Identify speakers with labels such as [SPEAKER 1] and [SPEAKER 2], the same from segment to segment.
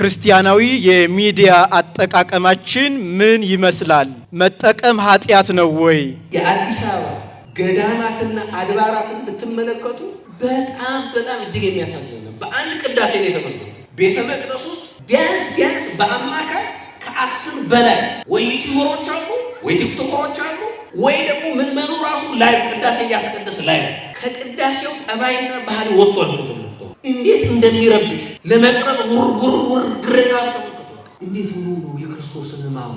[SPEAKER 1] ክርስቲያናዊ የሚዲያ አጠቃቀማችን ምን ይመስላል? መጠቀም ኃጢአት ነው ወይ?
[SPEAKER 2] የአዲስ አበባ ገዳማትና አድባራትን ብትመለከቱ በጣም በጣም እጅግ የሚያሳዝን ነው። በአንድ ቅዳሴ ነው ቤተ መቅደስ ውስጥ ቢያንስ ቢያንስ በአማካይ ከአስር በላይ ወይ ዩቲዩበሮች አሉ፣ ወይ ቲክቶከሮች አሉ፣ ወይ ደግሞ ምን መኖ ራሱ ላይ ቅዳሴ እያስቀደስ ላይ ከቅዳሴው ጠባይና ባህሪ ወጥቶ ወጥቷል። እንዴት እንደሚረብሽ ለመቅረብ ውርውርውር ግረዳ ተመልክቶ እንዴት ሆኖ ነው የክርስቶስን ሕማሙ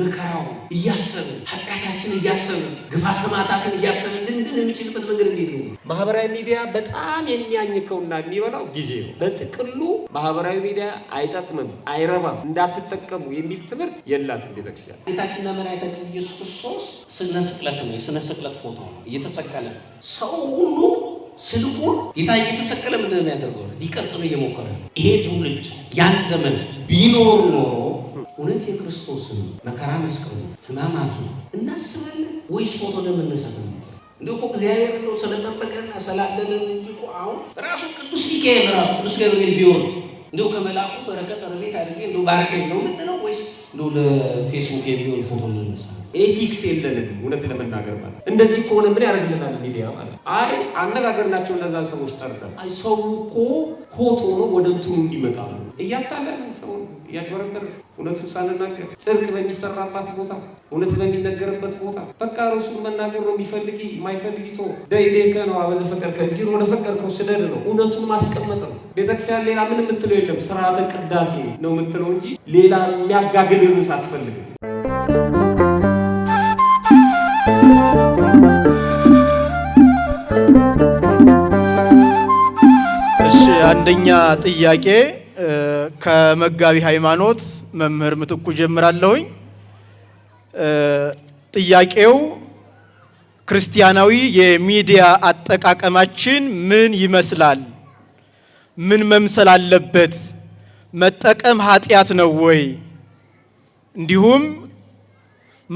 [SPEAKER 2] መከራው እያሰብ ኃጢአታችን እያሰብ ግፋ ሰማዕታትን እያሰብ ልንድን የምችልበት መንገድ እንዴት ነው? ማህበራዊ ሚዲያ በጣም የሚያኝከውና የሚበላው ጊዜ ነው። በጥቅሉ ማህበራዊ ሚዲያ አይጠቅምም፣ አይረባም፣ እንዳትጠቀሙ የሚል ትምህርት የላትም ቤተክርስቲያን። ጌታችንና መድኃኒታችን ኢየሱስ ክርስቶስ ስነ ስቅለት ነው፣ የስነ ስቅለት ፎቶ ነው፣ እየተሰቀለ ሰው ሁሉ ስልቁ ጌታ እየተሰቀለ ምንድን ነው የሚያደርገው? ሊቀርጽ ነው እየሞከረ ይሄ ትውልድ ያን ዘመን ቢኖር ኖሮ እውነት የክርስቶስን መከራ መስቀሉ ህማማቱ እናስባለን ወይስ ፎቶ ለመነሳት ነው? እንደ እኮ እግዚአብሔር እንደው ስለጠበቀና ስላለንን እንጂ አሁን ራሱ ቅዱስ ሚካኤል ራሱ ቅዱስ ገብርኤል ቢሆን እንደው ከመላኩ በረከት ረቤት አድርጌ እንደው ባርክ ነው ምትለው ወይስ እንደው ለፌስቡክ የሚሆን ፎቶ እንነሳ? ኤቲክስ የለንም። እውነት ለመናገር ማለት እንደዚህ ከሆነ ምን ያደርግልናል ሚዲያ ማለት? አይ አነጋገርናቸው እነዛን ሰዎች ጠርጠር ሰው እኮ ሆት ነው ወደ እንትኑ እንዲመጣሉ እያታለልን ሰውን እያጭበረበር እውነቱን ሳንናገር ጽድቅ በሚሰራባት ቦታ እውነት በሚነገርበት ቦታ በቃ እርሱን መናገር ነው የሚፈልጊ የማይፈልጊ ቶ ደይዴከ ነው አበዘ ፈቀድከ እጅን ወደ ፈቀድከው ስደድ ነው እውነቱን ማስቀመጥ ነው። ቤተክርስቲያን ሌላ ምን የምትለው የለም ስርዓተ ቅዳሴ ነው የምትለው እንጂ ሌላ የሚያጋግል ርዕስ አትፈልግም።
[SPEAKER 1] አንደኛ ጥያቄ ከመጋቢ ሃይማኖት መምህር ምትኩ ጀምራለሁኝ። ጥያቄው ክርስቲያናዊ የሚዲያ አጠቃቀማችን ምን ይመስላል? ምን መምሰል አለበት? መጠቀም ኃጢአት ነው ወይ? እንዲሁም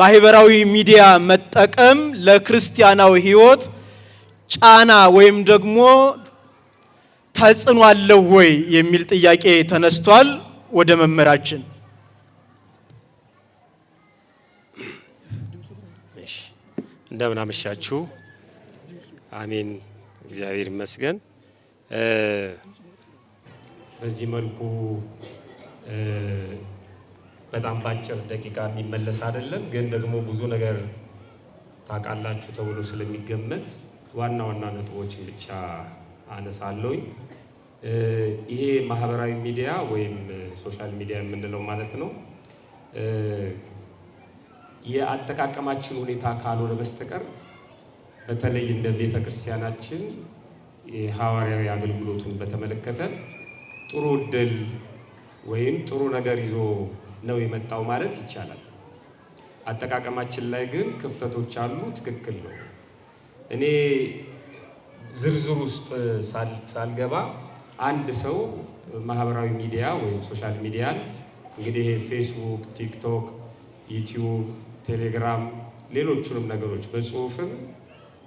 [SPEAKER 1] ማህበራዊ ሚዲያ መጠቀም ለክርስቲያናዊ ሕይወት ጫና ወይም ደግሞ ተጽዕኖ አለው ወይ የሚል ጥያቄ ተነስቷል። ወደ መምህራችን
[SPEAKER 3] እንደምን አመሻችሁ። አሜን፣ እግዚአብሔር ይመስገን። በዚህ መልኩ በጣም በአጭር ደቂቃ የሚመለስ አይደለም፣ ግን ደግሞ ብዙ ነገር ታውቃላችሁ ተብሎ ስለሚገመት ዋና ዋና ነጥቦችን ብቻ አነሳለሁኝ። ይሄ ማህበራዊ ሚዲያ ወይም ሶሻል ሚዲያ የምንለው ማለት ነው የአጠቃቀማችን ሁኔታ ካልሆነ በስተቀር በተለይ እንደ ቤተ ክርስቲያናችን የሐዋርያዊ አገልግሎቱን በተመለከተ ጥሩ እድል ወይም ጥሩ ነገር ይዞ ነው የመጣው ማለት ይቻላል። አጠቃቀማችን ላይ ግን ክፍተቶች አሉ። ትክክል ነው። እኔ ዝርዝር ውስጥ ሳልገባ አንድ ሰው ማህበራዊ ሚዲያ ወይም ሶሻል ሚዲያን እንግዲህ ፌስቡክ፣ ቲክቶክ፣ ዩቲዩብ፣ ቴሌግራም ሌሎቹንም ነገሮች በጽሁፍም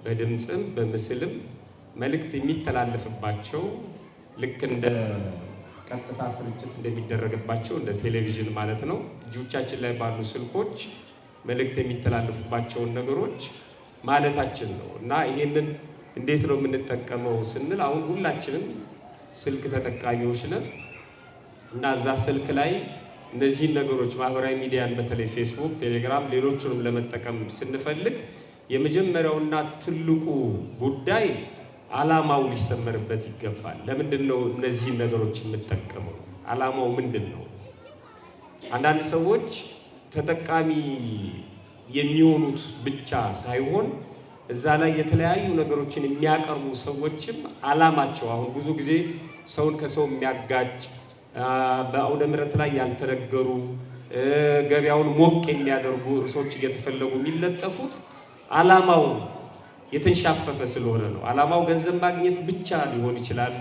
[SPEAKER 3] በድምፅም በምስልም መልእክት የሚተላለፍባቸው ልክ እንደ ቀጥታ ስርጭት እንደሚደረግባቸው እንደ ቴሌቪዥን ማለት ነው እጆቻችን ላይ ባሉ ስልኮች መልእክት የሚተላለፉባቸውን ነገሮች ማለታችን ነው እና ይህንን እንዴት ነው የምንጠቀመው ስንል አሁን ሁላችንም ስልክ ተጠቃሚዎች ነን እና እዛ ስልክ ላይ እነዚህን ነገሮች ማህበራዊ ሚዲያን በተለይ ፌስቡክ፣ ቴሌግራም፣ ሌሎችንም ለመጠቀም ስንፈልግ የመጀመሪያውና ትልቁ ጉዳይ አላማው ሊሰመርበት ይገባል። ለምንድን ነው እነዚህን ነገሮች የምጠቀመው? አላማው ምንድን ነው? አንዳንድ ሰዎች ተጠቃሚ የሚሆኑት ብቻ ሳይሆን እዛ ላይ የተለያዩ ነገሮችን የሚያቀርቡ ሰዎችም አላማቸው አሁን ብዙ ጊዜ ሰውን ከሰው የሚያጋጭ በአውደ ምረት ላይ ያልተነገሩ ገበያውን ሞቅ የሚያደርጉ እርሶች እየተፈለጉ የሚለጠፉት አላማው የተንሻፈፈ ስለሆነ ነው። አላማው ገንዘብ ማግኘት ብቻ ሊሆን ይችላል።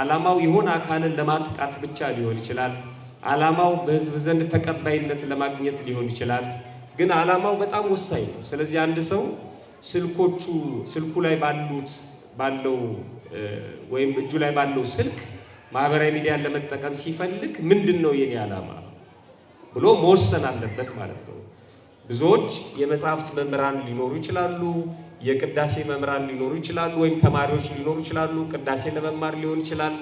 [SPEAKER 3] አላማው የሆነ አካልን ለማጥቃት ብቻ ሊሆን ይችላል። አላማው በህዝብ ዘንድ ተቀባይነት ለማግኘት ሊሆን ይችላል። ግን አላማው በጣም ወሳኝ ነው። ስለዚህ አንድ ሰው ስልኮቹ ስልኩ ላይ ባሉት ባለው ወይም እጁ ላይ ባለው ስልክ ማህበራዊ ሚዲያን ለመጠቀም ሲፈልግ ምንድን ነው የኔ ዓላማ ብሎ መወሰን አለበት ማለት ነው። ብዙዎች የመጽሐፍት መምህራን ሊኖሩ ይችላሉ፣ የቅዳሴ መምህራን ሊኖሩ ይችላሉ፣ ወይም ተማሪዎች ሊኖሩ ይችላሉ። ቅዳሴ ለመማር ሊሆን ይችላል፣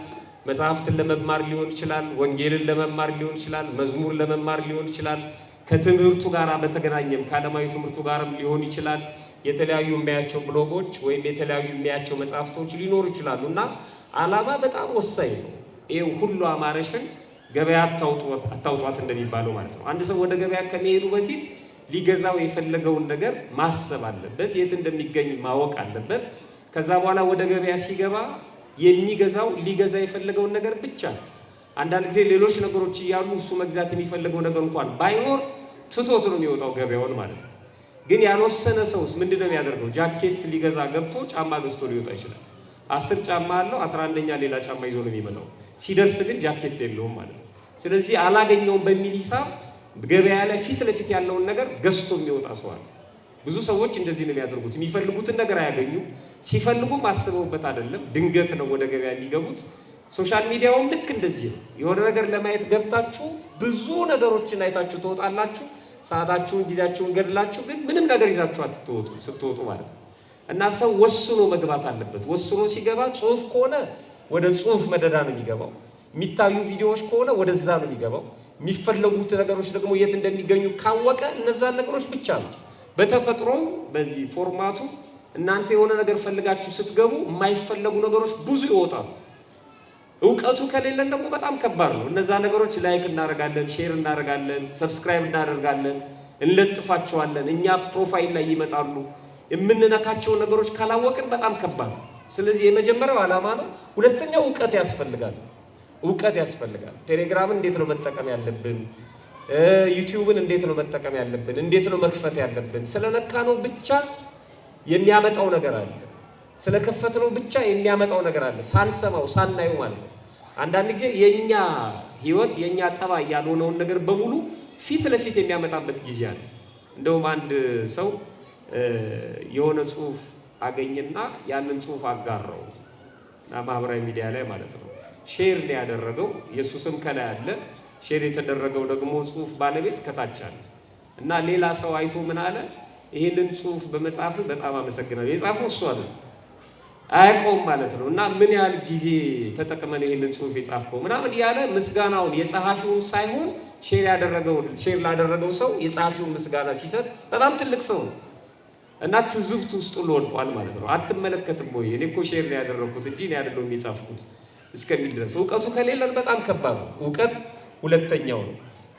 [SPEAKER 3] መጽሐፍትን ለመማር ሊሆን ይችላል፣ ወንጌልን ለመማር ሊሆን ይችላል፣ መዝሙር ለመማር ሊሆን ይችላል፣ ከትምህርቱ ጋር በተገናኘም ከዓለማዊ ትምህርቱ ጋርም ሊሆን ይችላል። የተለያዩ የሚያቸው ብሎጎች ወይም የተለያዩ የሚያቸው መጽሐፍቶች ሊኖሩ ይችላሉ እና አላማ በጣም ወሳኝ ነው። ይህ ሁሉ አማረሽን ገበያ አታውጧት እንደሚባለው ማለት ነው። አንድ ሰው ወደ ገበያ ከመሄዱ በፊት ሊገዛው የፈለገውን ነገር ማሰብ አለበት፣ የት እንደሚገኝ ማወቅ አለበት። ከዛ በኋላ ወደ ገበያ ሲገባ የሚገዛው ሊገዛ የፈለገውን ነገር ብቻ ነው። አንዳንድ ጊዜ ሌሎች ነገሮች እያሉ እሱ መግዛት የሚፈልገው ነገር እንኳን ባይኖር ትቶት ነው የሚወጣው ገበያውን ማለት ነው። ግን ያልወሰነ ሰውስ ምንድን ነው የሚያደርገው? ጃኬት ሊገዛ ገብቶ ጫማ ገዝቶ ሊወጣ ይችላል። አስር ጫማ አለው፣ አስራ አንደኛ ሌላ ጫማ ይዞ ነው የሚመጣው። ሲደርስ ግን ጃኬት የለውም ማለት ነው። ስለዚህ አላገኘውም በሚል ሂሳብ ገበያ ላይ ፊት ለፊት ያለውን ነገር ገዝቶ የሚወጣ ሰው አለ። ብዙ ሰዎች እንደዚህ ነው የሚያደርጉት። የሚፈልጉትን ነገር አያገኙ፣ ሲፈልጉም አስበውበት አይደለም፣ ድንገት ነው ወደ ገበያ የሚገቡት። ሶሻል ሚዲያውም ልክ እንደዚህ ነው። የሆነ ነገር ለማየት ገብታችሁ ብዙ ነገሮችን አይታችሁ ትወጣላችሁ ሰዓታችሁን፣ ጊዜያችሁን ገድላችሁ ግን ምንም ነገር ይዛችሁ አትወጡ ስትወጡ ማለት ነው። እና ሰው ወስኖ መግባት አለበት። ወስኖ ሲገባ ጽሁፍ ከሆነ ወደ ጽሁፍ መደዳ ነው የሚገባው። የሚታዩ ቪዲዮዎች ከሆነ ወደዛ ነው የሚገባው። የሚፈለጉት ነገሮች ደግሞ የት እንደሚገኙ ካወቀ እነዛን ነገሮች ብቻ ነው። በተፈጥሮ በዚህ ፎርማቱ እናንተ የሆነ ነገር ፈልጋችሁ ስትገቡ የማይፈለጉ ነገሮች ብዙ ይወጣሉ። እውቀቱ ከሌለን ደግሞ በጣም ከባድ ነው። እነዛ ነገሮች ላይክ እናደርጋለን፣ ሼር እናደርጋለን፣ ሰብስክራይብ እናደርጋለን፣ እንለጥፋቸዋለን። እኛ ፕሮፋይል ላይ ይመጣሉ። የምንነካቸውን ነገሮች ካላወቅን በጣም ከባድ ነው። ስለዚህ የመጀመሪያው ዓላማ ነው። ሁለተኛው እውቀት ያስፈልጋል። እውቀት ያስፈልጋል። ቴሌግራምን እንዴት ነው መጠቀም ያለብን? ዩቲዩብን እንዴት ነው መጠቀም ያለብን? እንዴት ነው መክፈት ያለብን? ስለነካ ነው ብቻ የሚያመጣው ነገር አለ ስለ ብቻ የሚያመጣው ነገር አለ፣ ሳንሰማው ሳናየው ማለት ነው። አንዳንድ ጊዜ የእኛ ህይወት የእኛ ጠባ ያልሆነውን ነገር በሙሉ ፊት ለፊት የሚያመጣበት ጊዜ አለ። እንደውም አንድ ሰው የሆነ ጽሁፍ አገኝና ያንን ጽሁፍ አጋራው እና ማህበራዊ ሚዲያ ላይ ማለት ነው ሼር ነው ያደረገው። የእሱ ስም ከላይ አለ። ሼር የተደረገው ደግሞ ጽሁፍ ባለቤት ከታች አለ እና ሌላ ሰው አይቶ ምን አለ? ይህንን ጽሁፍ በመጻፍ በጣም አመሰግናለሁ። የጻፈው እሱ አለ አያውቀውም ማለት ነው። እና ምን ያህል ጊዜ ተጠቅመን ይህንን ጽሁፍ የጻፍከው ምናምን ያለ ምስጋናውን የጸሐፊውን ሳይሆን ሼር ሼር ላደረገው ሰው የጸሐፊውን ምስጋና ሲሰጥ በጣም ትልቅ ሰው ነው እና ትዝብት ውስጡ ልወድቋል ማለት ነው። አትመለከትም ወይ እኔ እኮ ሼር ነው ያደረግኩት እንጂ እኔ የጻፍኩት እስከሚል ድረስ እውቀቱ ከሌለን በጣም ከባድ ነው። እውቀት ሁለተኛው ነው።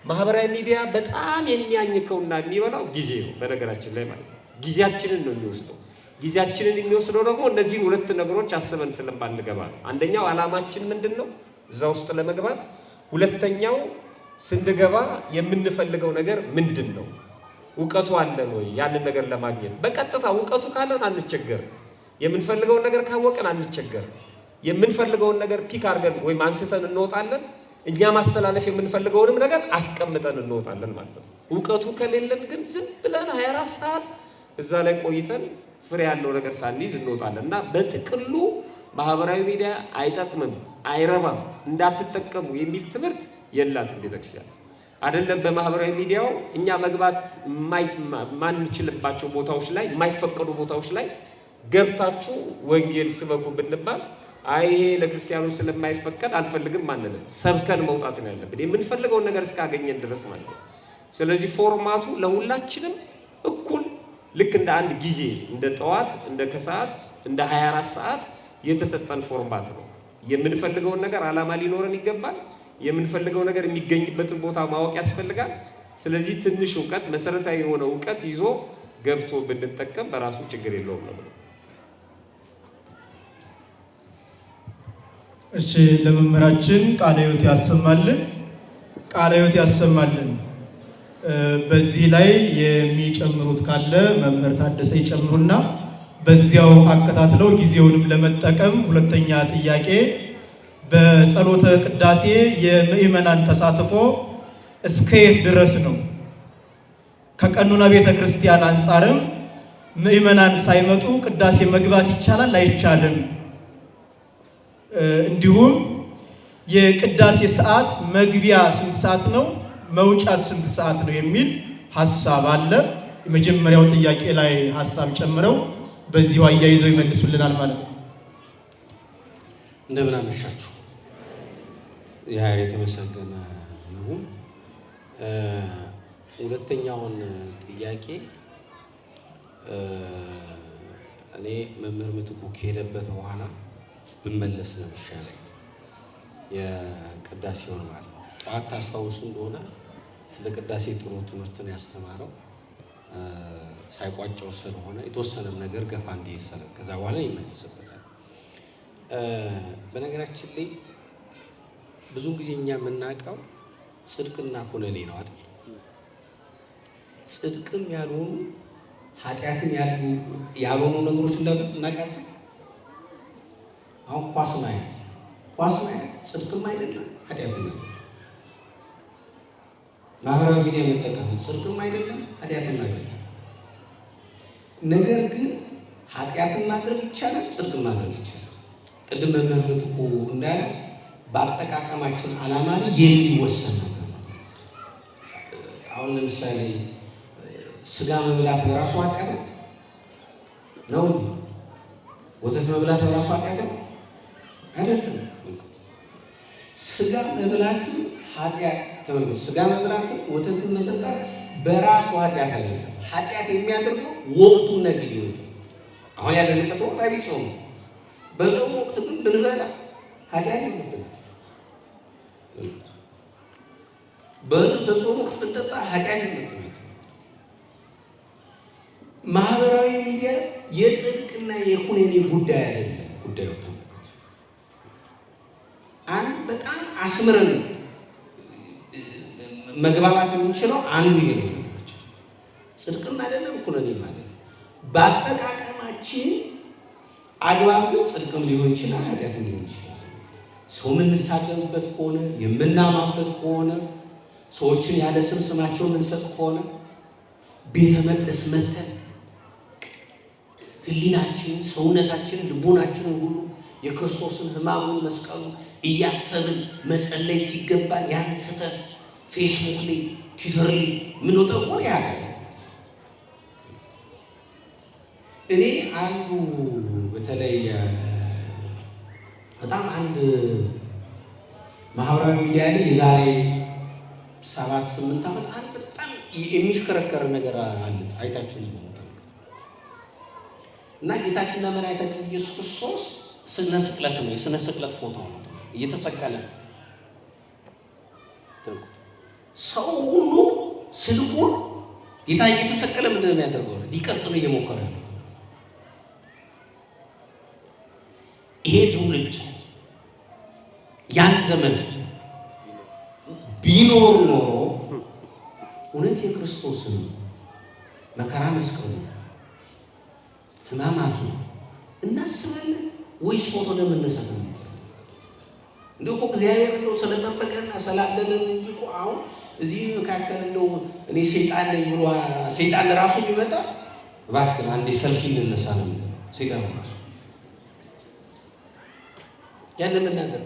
[SPEAKER 3] ማህበራዊ ሚዲያ በጣም የሚያኝከውና የሚበላው ጊዜ ነው። በነገራችን ላይ ማለት ነው ጊዜያችንን ነው የሚወስደው ጊዜያችንን የሚወስደው ደግሞ እነዚህን ሁለት ነገሮች አስበን ስለማንገባ አንደኛው ዓላማችን ምንድን ነው እዛ ውስጥ ለመግባት፣ ሁለተኛው ስንገባ የምንፈልገው ነገር ምንድን ነው፣ እውቀቱ አለን ወይ ያንን ነገር ለማግኘት። በቀጥታ እውቀቱ ካለን አንቸገር፣ የምንፈልገውን ነገር ካወቀን አንቸገር። የምንፈልገውን ነገር ፒክ አድርገን ወይም አንስተን እንወጣለን። እኛ ማስተላለፍ የምንፈልገውንም ነገር አስቀምጠን እንወጣለን ማለት ነው። እውቀቱ ከሌለን ግን ዝም ብለን 24 ሰዓት እዛ ላይ ቆይተን ፍሬ ያለው ነገር ሳንይዝ እንወጣለን እና በጥቅሉ ማህበራዊ ሚዲያ አይጠቅምም፣ አይረባም፣ እንዳትጠቀሙ የሚል ትምህርት የላትም ቤተክርስቲያን። አይደለም በማህበራዊ ሚዲያው እኛ መግባት ማንችልባቸው ቦታዎች ላይ የማይፈቀዱ ቦታዎች ላይ ገብታችሁ ወንጌል ስበኩ ብንባል አይ ይሄ ለክርስቲያኑ ስለማይፈቀድ አልፈልግም አንልም። ሰብከን መውጣት ነው ያለብን የምንፈልገውን ነገር እስካገኘን ድረስ ማለት ነው። ስለዚህ ፎርማቱ ለሁላችንም እኩል ልክ እንደ አንድ ጊዜ እንደ ጠዋት፣ እንደ ከሰዓት፣ እንደ 24 ሰዓት የተሰጠን ፎርማት ነው። የምንፈልገውን ነገር ዓላማ ሊኖረን ይገባል። የምንፈልገው ነገር የሚገኝበትን ቦታ ማወቅ ያስፈልጋል። ስለዚህ ትንሽ እውቀት፣ መሰረታዊ የሆነ እውቀት ይዞ ገብቶ ብንጠቀም በራሱ ችግር የለውም ነው።
[SPEAKER 1] እሺ፣ ለመምህራችን ቃለ ሕይወት ያሰማልን፣ ቃለ ሕይወት ያሰማልን። በዚህ ላይ የሚጨምሩት ካለ መምህር ታደሰ ይጨምሩና በዚያው አከታትለው ጊዜውንም ለመጠቀም ሁለተኛ ጥያቄ በጸሎተ ቅዳሴ የምእመናን ተሳትፎ እስከየት ድረስ ነው? ከቀኑና ቤተ ክርስቲያን አንጻርም ምእመናን ሳይመጡ ቅዳሴ መግባት ይቻላል አይቻልም? እንዲሁም የቅዳሴ ሰዓት መግቢያ ስንት ሰዓት ነው? መውጫ ስንት ሰዓት ነው የሚል ሀሳብ አለ። የመጀመሪያው ጥያቄ ላይ ሀሳብ ጨምረው በዚሁ አያይዘው ይመልሱልናል ማለት ነው።
[SPEAKER 3] እንደምን አመሻችሁ። የሀይር የተመሰገነ ይሁን። ሁለተኛውን ጥያቄ እኔ መምህር ምትኩ ከሄደበት በኋላ ብመለስ ነው ይሻለኝ። የቅዳሴውን ማለት ነው ጠዋት ታስታውሱ እንደሆነ ስለ ቅዳሴ ጥሩ ትምህርትን ያስተማረው ሳይቋጨው ስለሆነ የተወሰነም ነገር ገፋ እንዲል ከዛ በኋላ ይመለስበታል። በነገራችን ላይ ብዙውን ጊዜ እኛ የምናውቀው ጽድቅና ኩነኔ ነው አይደል? ጽድቅም ያልሆኑ ኃጢአትም ያልሆኑ ነገሮች እንዳሉ እናውቃለን። አሁን ኳስ ማየት ኳስ ማየት ጽድቅም አይደለም ኃጢአትም ማህበራዊ ሚዲያ መጠቀም ጽድቅም አይደለም ኃጢአትም አይደለም። ነገር ግን ኃጢአትን ማድረግ ይቻላል፣ ጽድቅም ማድረግ ይቻላል። ቅድም መምህር ምትኩ እንዳለ በአጠቃቀማችን ዓላማ ላይ የሚወሰን ነገር አሁን ለምሳሌ ስጋ መብላት በራሱ ኃጢአት ነው ነው ወተት መብላት በራሱ ኃጢአት ነው አይደለም። ስጋ መብላትም ኃጢአት ተመልከቱ፣ ስጋ መብላትን ወተትን መጠጣት በራሱ ኃጢአት አይደለም። ኃጢአት የሚያደርገው ወቅቱና ጊዜ ነው። አሁን ያለንበት ወቅት አብይ ጾም በጾም ወቅት ግን ብንበላ ኃጢአት የለብንም። በጾም ወቅት ብንጠጣ ኃጢአት የለብንም። ማህበራዊ ሚዲያ የጽድቅና የኩነኔ ጉዳይ አይደለም። ጉዳዩ ተመልከቱ፣ አንድ በጣም አስምረን ነው መግባባት የምንችለው አንዱ ይሄ ነው። ጽድቅም አይደለም እኩልነትም ማለት በአጠቃቀማችን አግባብ ግን ጽድቅም ሊሆን ይችላል፣ ኃጢአትም ሊሆን ይችላል። ሰው የምንሳደብበት ከሆነ የምናማበት ከሆነ ሰዎችን ያለ ስም ስማቸው የምንሰጥ ከሆነ ቤተ መቅደስ መተን ሕሊናችንን ሰውነታችንን፣ ልቦናችንን ሁሉ የክርስቶስን ህማሙን መስቀሉ እያሰብን መጸለይ ሲገባን ያንትተን ፌስቡክ ላይ ትዊተር ላይ የምንወጣው ሆነ ያለ እኔ አንዱ በተለይ በጣም አንድ ማህበራዊ ሚዲያ ላይ የዛሬ ሰባት ስምንት ዓመት አንድ በጣም የሚሽከረከር ነገር አለ። አይታችሁ ነው እና ጌታችንና መድኃኒታችን ኢየሱስ ክርስቶስ ስነ ስቅለት ነው። የስነ ስቅለት ፎቶ ነው እየተሰቀለ ሰው ሁሉ ስልኩ ጌታ እየተሰቀለ ምንድን ነው የሚያደርገው? ሊቀርጽ ነው እየሞከረ ያለው። ይሄ ትውልድ ያን ዘመን ቢኖር ኖሮ እውነት የክርስቶስን መከራ መስቀሉ ህማማቱ እናስባለን ወይስ ፎቶ ለመነሳት ነው? እንደ እኮ እግዚአብሔር ነው ስለጠበቀና ስላለንን እንጂ አሁን እዚህ መካከል እንደው እኔ ሰይጣን ነኝ ብሎ ሰይጣን ራሱ ቢመጣ እባክህ አንዴ ሰልፊ እንነሳ ነው የሚለው ሰይጣን ራሱ ያንን መናገር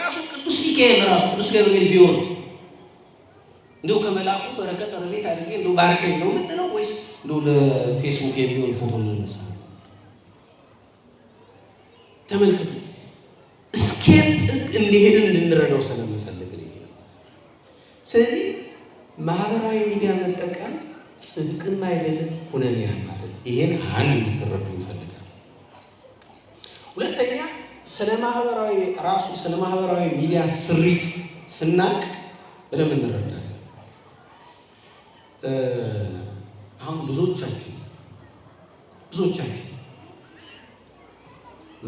[SPEAKER 3] ራሱ ቅዱስ ሚካኤል ራሱ ቅዱስ ገብርኤል ቢሆን እንደው ከመላኩ በረከት ረቤት አድርጌ እንደው ባርክ ነው ምንድነው ወይስ እንደው ለፌስቡክ የሚሆን ፎቶ እንነሳ ነው ተመልክቱ። እስኬት ጥቅ እንዲሄድን እንድንረዳው ስለምፈልግ ስለዚህ ማህበራዊ ሚዲያ መጠቀም ጽድቅም አይደለም ኩነኔም አይደለም። ይሄን አንድ እንድትረዱ ይፈልጋል። ሁለተኛ ስለ ማህበራዊ ራሱ ስለ ማህበራዊ ሚዲያ ስሪት ስናቅ በደንብ እንረዳለን። አሁን ብዙዎቻችሁ ብዙዎቻችሁ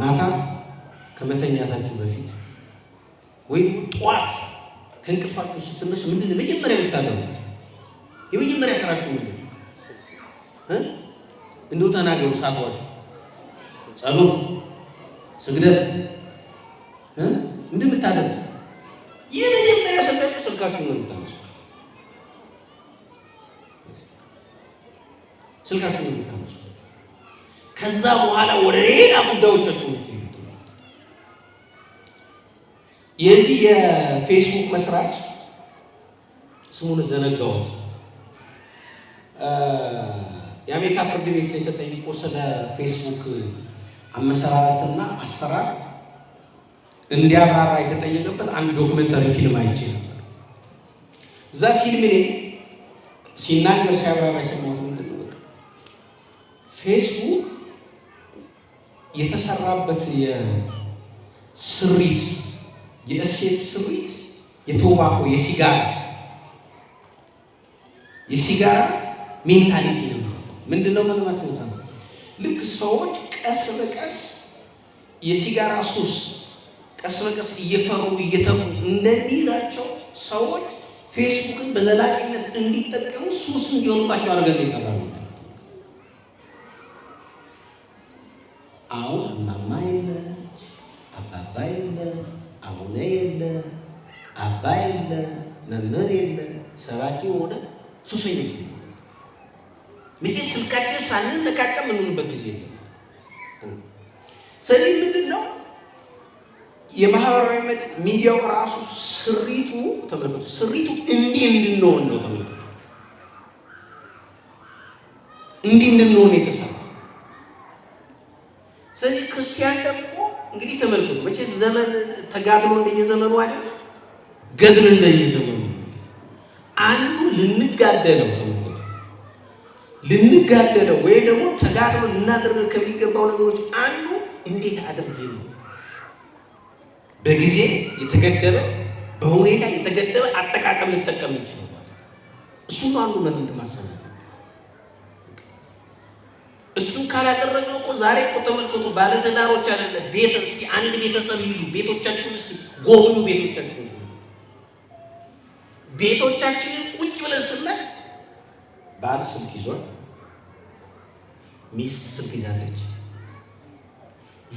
[SPEAKER 3] ማታ ከመተኛታችሁ በፊት ወይም ጠዋት ከእንቅልፋችሁ ስትነሱ ምንድን ነው መጀመሪያ የምታደርጉት? የመጀመሪያ ስራችሁ ምንድን ነው? እንዲሁ ተናገሩ። ሳትዋሹ ጸሎት፣ ስግደት እንደምታደርጉ የመጀመሪያ ሰጣችሁ ስልካችሁ ነው የምታነሱ ስልካችሁ ነው የምታነሱ። ከዛ በኋላ ወደ ሌላ ጉዳዮቻችሁ ምት የዚህ የፌስቡክ መስራች ስሙን ዘነጋሁት። የአሜሪካ ፍርድ ቤት ላይ ተጠይቆ ስለ ፌስቡክ አመሰራረትና አሰራር እንዲያብራራ የተጠየቀበት አንድ ዶክመንታሪ ፊልም አይቼ ነበር። እዛ ፊልም ላይ ሲናገር ሲያብራራ የሰማሁት ምንድን ነው፣ ፌስቡክ የተሰራበት የስሪት የእሴት ስሪት የቶባኮ የሲጋራ የሲጋራ ሜንታሊቲ ነው። ምንድነው መግባት ቦታ ነው። ልክ ሰዎች ቀስ በቀስ የሲጋራ ሱስ ቀስ በቀስ እየፈሩ እየተፉ እንደሚላቸው ሰዎች ፌስቡክን በዘላቂነት እንዲጠቀሙ ሱስ እንዲሆኑባቸው አድርገን ይሰራሉ። አሁን እናማ የለ አባባ የለ አቡነ የለ፣ አባ የለ፣ መምህር የለ፣ ሰባኪ የሆነ ሱሰኝ ልጅ ምጭ ስልካጭ ሳንን ነቃቀ የምንሆንበት ጊዜ የለም። ስለዚህ ምንድን ነው የማህበራዊ ሚዲያው ራሱ ስሪቱ ተመልከቱ፣ ስሪቱ እንዲህ እንድንሆን ነው። ተመልከቱ፣ እንዲህ እንድንሆን የተሰራ ስለዚህ ክርስቲያን ደግሞ ዘመን ተጋድሎ እንደየዘመኑ አይደል፣ ገድል እንደየዘመኑ አንዱ ልንጋደለው ተመልከቱ፣ ልንጋደለው ወይ ደግሞ ተጋድሎ እናደርግ ከሚገባው ነገሮች አንዱ እንዴት አድርጌ ነው በጊዜ የተገደበ በሁኔታ የተገደበ አጠቃቀም ልጠቀም እንችላለን። እሱም አንዱ መንንት ማሰናል እሱን ካላደረግነው እኮ ዛሬ እኮ ተመልከቱ፣ ባለትዳሮች አለ ቤት እስቲ አንድ ቤተሰብ ይሉ ቤቶቻችሁን እስቲ ጎብኙ። ቤቶቻችሁን ቤቶቻችንን ቁጭ ብለን ስናይ ባል ስልክ ይዟል፣ ሚስት ስልክ ይዛለች፣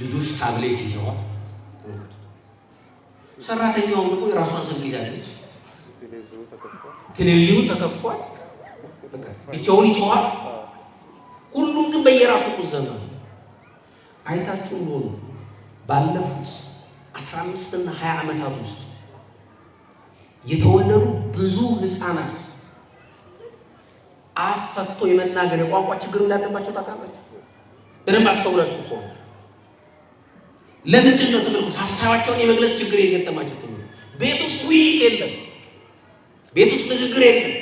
[SPEAKER 3] ልጆች ታብሌት ይዘዋል፣ ሰራተኛውም ደግሞ የራሷን ስልክ ይዛለች፣ ቴሌቪዥኑ ተከፍቷል፣ ብቻውን ይጮኋል። ሁሉም ግን በየራሱ ኩዘና አይታችሁ እንደሆኑ ባለፉት አስራ አምስት እና ሀያ ዓመታት ውስጥ የተወለዱ ብዙ ህፃናት አፍ የመናገር የቋንቋ ችግር እንዳለባቸው ታውቃላችሁ። በደንብ አስተውላችሁ እኮ ለምንድን ነው ሀሳባቸውን የመግለጽ ችግር የገጠማቸው? ትምህርት ቤት ውስጥ ውይይት የለም። ቤት ውስጥ ንግግር የለም።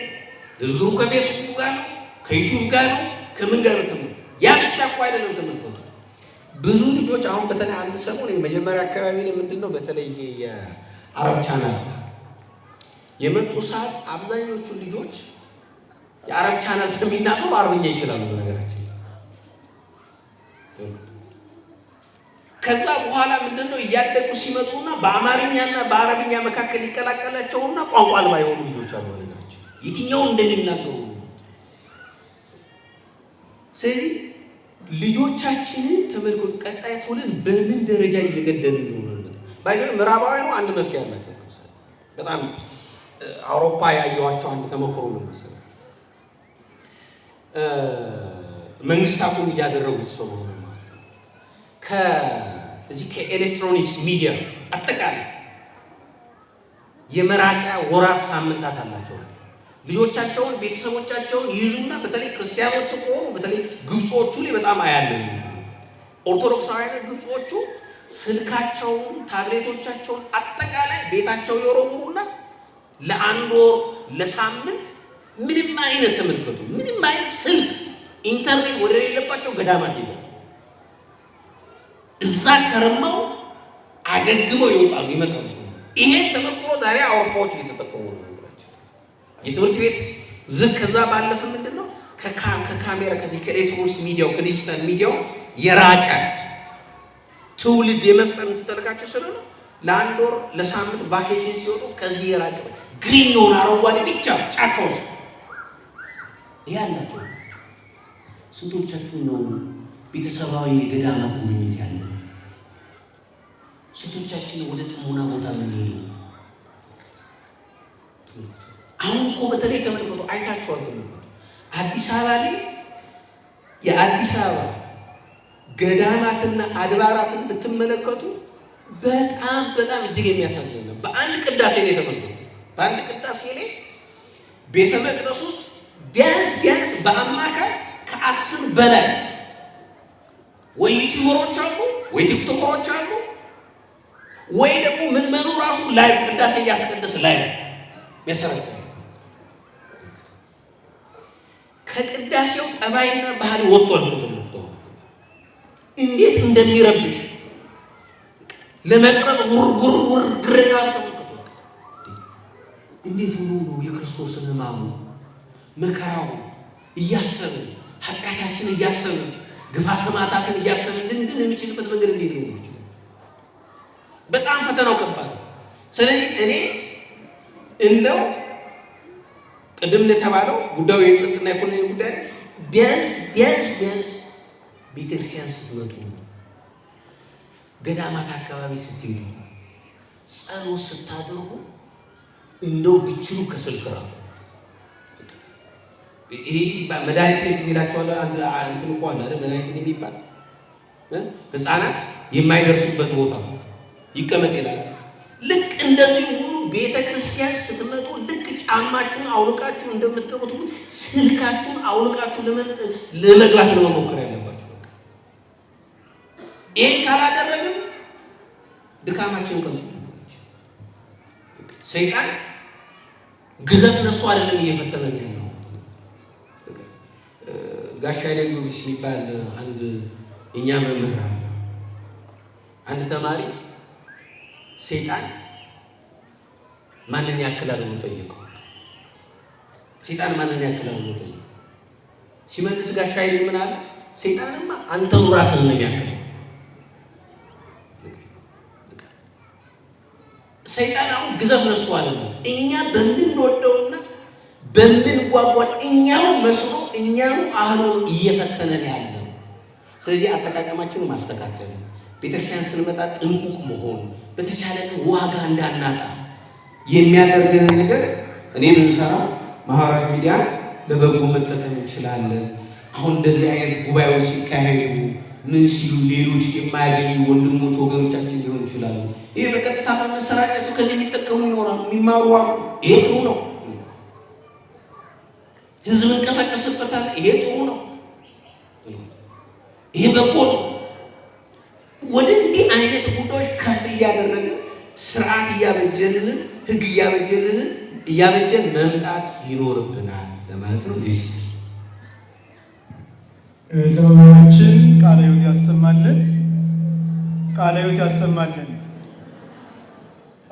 [SPEAKER 3] ንግግሩ ከፌስቡክ ጋር ነው፣ ከዩቱብ ጋር ነው ከምን ጋር ነው ተመልኮ? ያ ብቻ እኮ አይደለም ተመልኮቱ። ብዙ ልጆች አሁን በተለይ አንድ ሰሞን የመጀመሪያ አካባቢ ላይ ምንድን ነው በተለይ የአረብ ቻናል የመጡ ሰዓት አብዛኞቹ ልጆች የአረብ ቻናል ስለሚናገሩ አረብኛ ይችላሉ። በነገራችን ከዛ በኋላ ምንድነው ነው እያደጉ ሲመጡና በአማርኛና በአረብኛ መካከል ይቀላቀላቸውና ቋንቋ አልባ የሆኑ ልጆች አሉ። በነገራችን የትኛውን እንደሚናገሩ ስለዚህ ልጆቻችንን ተመልከቱ፣ ቀጣይ ትውልድ በምን ደረጃ እየገደል እንደሆነ ባይ ምዕራባውያኑ አንድ መፍትሄ ያላቸው ለምሳሌ በጣም አውሮፓ ያየኋቸው አንድ ተሞክሮ ምን መሰላችሁ? መንግስታቱን እያደረጉት ስለሆነ ማለት ነው ከዚህ ከኤሌክትሮኒክስ ሚዲያ አጠቃላይ የመራቂያ ወራት ሳምንታት አላቸው። ልጆቻቸውን ቤተሰቦቻቸውን ይዙና በተለይ ክርስቲያኖቹ ከሆኑ በተለይ ግብጾቹ ላይ በጣም አያለን። ኦርቶዶክሳውያን ግብጾቹ ስልካቸውን፣ ታብሌቶቻቸውን አጠቃላይ ቤታቸው የወረውሩና ለአንድ ወር ለሳምንት ምንም አይነት ተመልከቱ፣ ምንም አይነት ስልክ ኢንተርኔት ወደ ሌለባቸው ገዳማት ይ እዛ ከርመው አገግመው ይወጣሉ ይመጣሉ። ይሄን ተመክሮ ዛሬ አውሮፓዎች እየተጠቀሙ የትምህርት ቤት ዝ ከዛ ባለፈ ምንድን ነው ከካሜራ ከዚህ ከሬሶርስ ሚዲያው ከዲጂታል ሚዲያው የራቀ ትውልድ የመፍጠር የምትጠልቃቸው ስለሆነ ለአንድ ወር ለሳምንት ቫኬሽን ሲወጡ ከዚህ የራቀ ግሪን የሆነ አረንጓዴ ብቻ ጫካ ውስጥ ይህ አላቸው። ስንቶቻችሁ ነው ቤተሰባዊ የገዳማት ጉብኝት ያለ ስንቶቻችን ወደ ጥሞና ቦታ የምንሄደው አሁን እኮ በተለይ ተመልከቱ፣ አይታችኋል። ተመልከቱ አዲስ አበባ ላይ የአዲስ አበባ ገዳማትና አድባራትን ብትመለከቱ በጣም በጣም እጅግ የሚያሳዝን ነው። በአንድ ቅዳሴ ላይ ተመልከቱ፣ በአንድ ቅዳሴ ላይ ቤተ መቅደስ ውስጥ ቢያንስ ቢያንስ በአማካይ ከአስር በላይ ወይ ዩቲዩበሮች አሉ፣ ወይ ቲክቶከሮች አሉ፣ ወይ ደግሞ ምን መኖ ራሱ ላይ ቅዳሴ እያስቀደሰ ላይቭ ያሰራጫል። ከቅዳሴው ጠባይና ባህሪ ወጥቷል። እንዴት እንደሚረብሽ ለመቅረብ ውርውርውር ግርታ ተመልክቶ እንዴት ሆኖ ነው የክርስቶስን ሕማሙ መከራው እያሰብ ኃጢአታችን እያሰብ ግፋ ሰማዕታትን እያሰብ ልንድን የሚችልበት መንገድ እንዴት ነው? በጣም ፈተናው ከባድ። ስለዚህ እኔ እንደው ቅድም እንደተባለው ጉዳዩ የጽድቅና የኮሎኒ ጉዳይ ቢያንስ ቢያንስ ቢያንስ ቤተክርስቲያን ስትመጡ፣ ገዳማት አካባቢ ስትሄዱ፣ ጸሎት ስታደርጉ እንደው ብችሉ ከስልክ ራቁ። ይህ መድኃኒት ትዝ ይላችኋል። እንትን እኮ አለ መድኃኒትን የሚባል ህፃናት የማይደርሱበት ቦታ ይቀመጥ ይላል። ልክ እንደዚህ ሁሉ ቤተ ክርስቲያን ስትመጡ ልክ ጫማችሁን አውልቃችሁ እንደምትገቡት ሁሉ ስልካችሁን አውልቃችሁ ለመግባት ለመሞከር መሞከር ያለባችሁ። ይህን ካላደረግን ድካማችን ከ ሰይጣን ግዘፍ ነሱ አይደለም እየፈተነ ያለው። ጋሻ ጊዮርጊስ የሚባል አንድ እኛ መምህር አለ። አንድ ተማሪ ሰይጣን ማንን ያክላል ነው የምጠይቀው? ሴጣን ማንን ያክላል ነው የምጠይቀው? ሲመልስ ጋሻ ኃይሌ ምን አለ? ሴጣንማ አንተው ራስን ነው የሚያክለው። ሰይጣን አሁን ግዘፍ ነስቶ አለ። እኛ በምንወደውና በምንጓጓል እኛው መስሎ እኛው አህሎ እየፈተነን ያለው። ስለዚህ አጠቃቀማችን ማስተካከል፣ ቤተክርስቲያን ስንመጣ ጥንቁቅ መሆን፣ በተቻለን ዋጋ እንዳናጣ የሚያደርገን ነገር እኔ የምንሰራው ማህበራዊ ሚዲያ ለበጎ መጠቀም እንችላለን። አሁን እንደዚህ አይነት ጉባኤዎች ሲካሄዱ ምን ሲሉ ሌሎች የማያገኙ ወንድሞች ወገኖቻችን ሊሆን ይችላሉ። ይሄ በቀጥታ በመሰራጨቱ ከዚህ የሚጠቀሙ ይኖራሉ፣ የሚማሩ አሉ። ይሄ ጥሩ ነው። ህዝብ እንቀሳቀስበታል። ይሄ ጥሩ ነው። ይሄ በጎ ነው። ወደ እንዲህ አይነት ጉዳዮች ከፍ እያደረገ ስርዓት እያበጀልንን ህግ እያበጀልንን እያበጀን መምጣት ይኖርብናል ለማለት ነው። እዚህ
[SPEAKER 1] ለመምህራችን ቃለ ሕይወት ያሰማልን፣ ቃለ ሕይወት ያሰማልን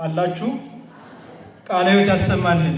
[SPEAKER 1] አላችሁ። ቃለ ሕይወት ያሰማልን።